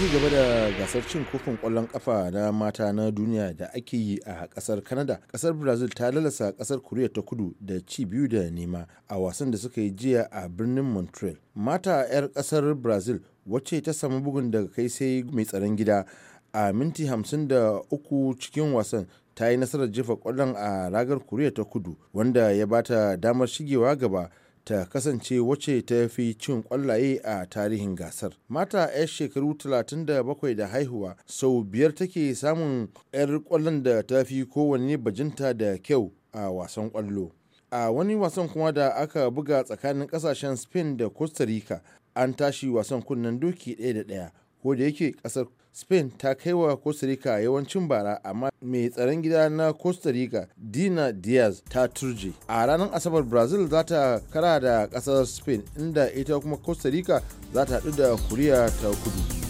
ci gaba da gasar cin kofin kwallon kafa na mata na duniya da ake yi a kasar kanada kasar brazil ta lalasa kasar korea ta kudu da ci biyu da nema a wasan da suka yi jiya a birnin montreal mata 'yar kasar brazil wacce ta samu bugun daga kai sai mai tsaron gida a minti 53 cikin wasan ta yi nasarar jefa kwallon a ragar korea ta kudu wanda ya bata damar shigewa gaba ta kasance wace ta fi cin kwallaye a tarihin gasar. Mata 'yar shekaru 37 da haihuwa sau biyar take samun 'yar kwallon da ta fi kowanne bajinta da kyau a wasan kwallo. A wani wasan kuma da aka buga tsakanin kasashen Spain da Costa Rica an tashi wasan kunnen doki ɗaya da ɗaya ko da yake kasar spain ta kai wa costa rica yawancin bara amma mai tsaron gida na costa rica dina diaz ta turje a ranar asabar brazil za ta kara da kasar spain inda ita kuma costa rica za ta haɗu da kuriya ta kudu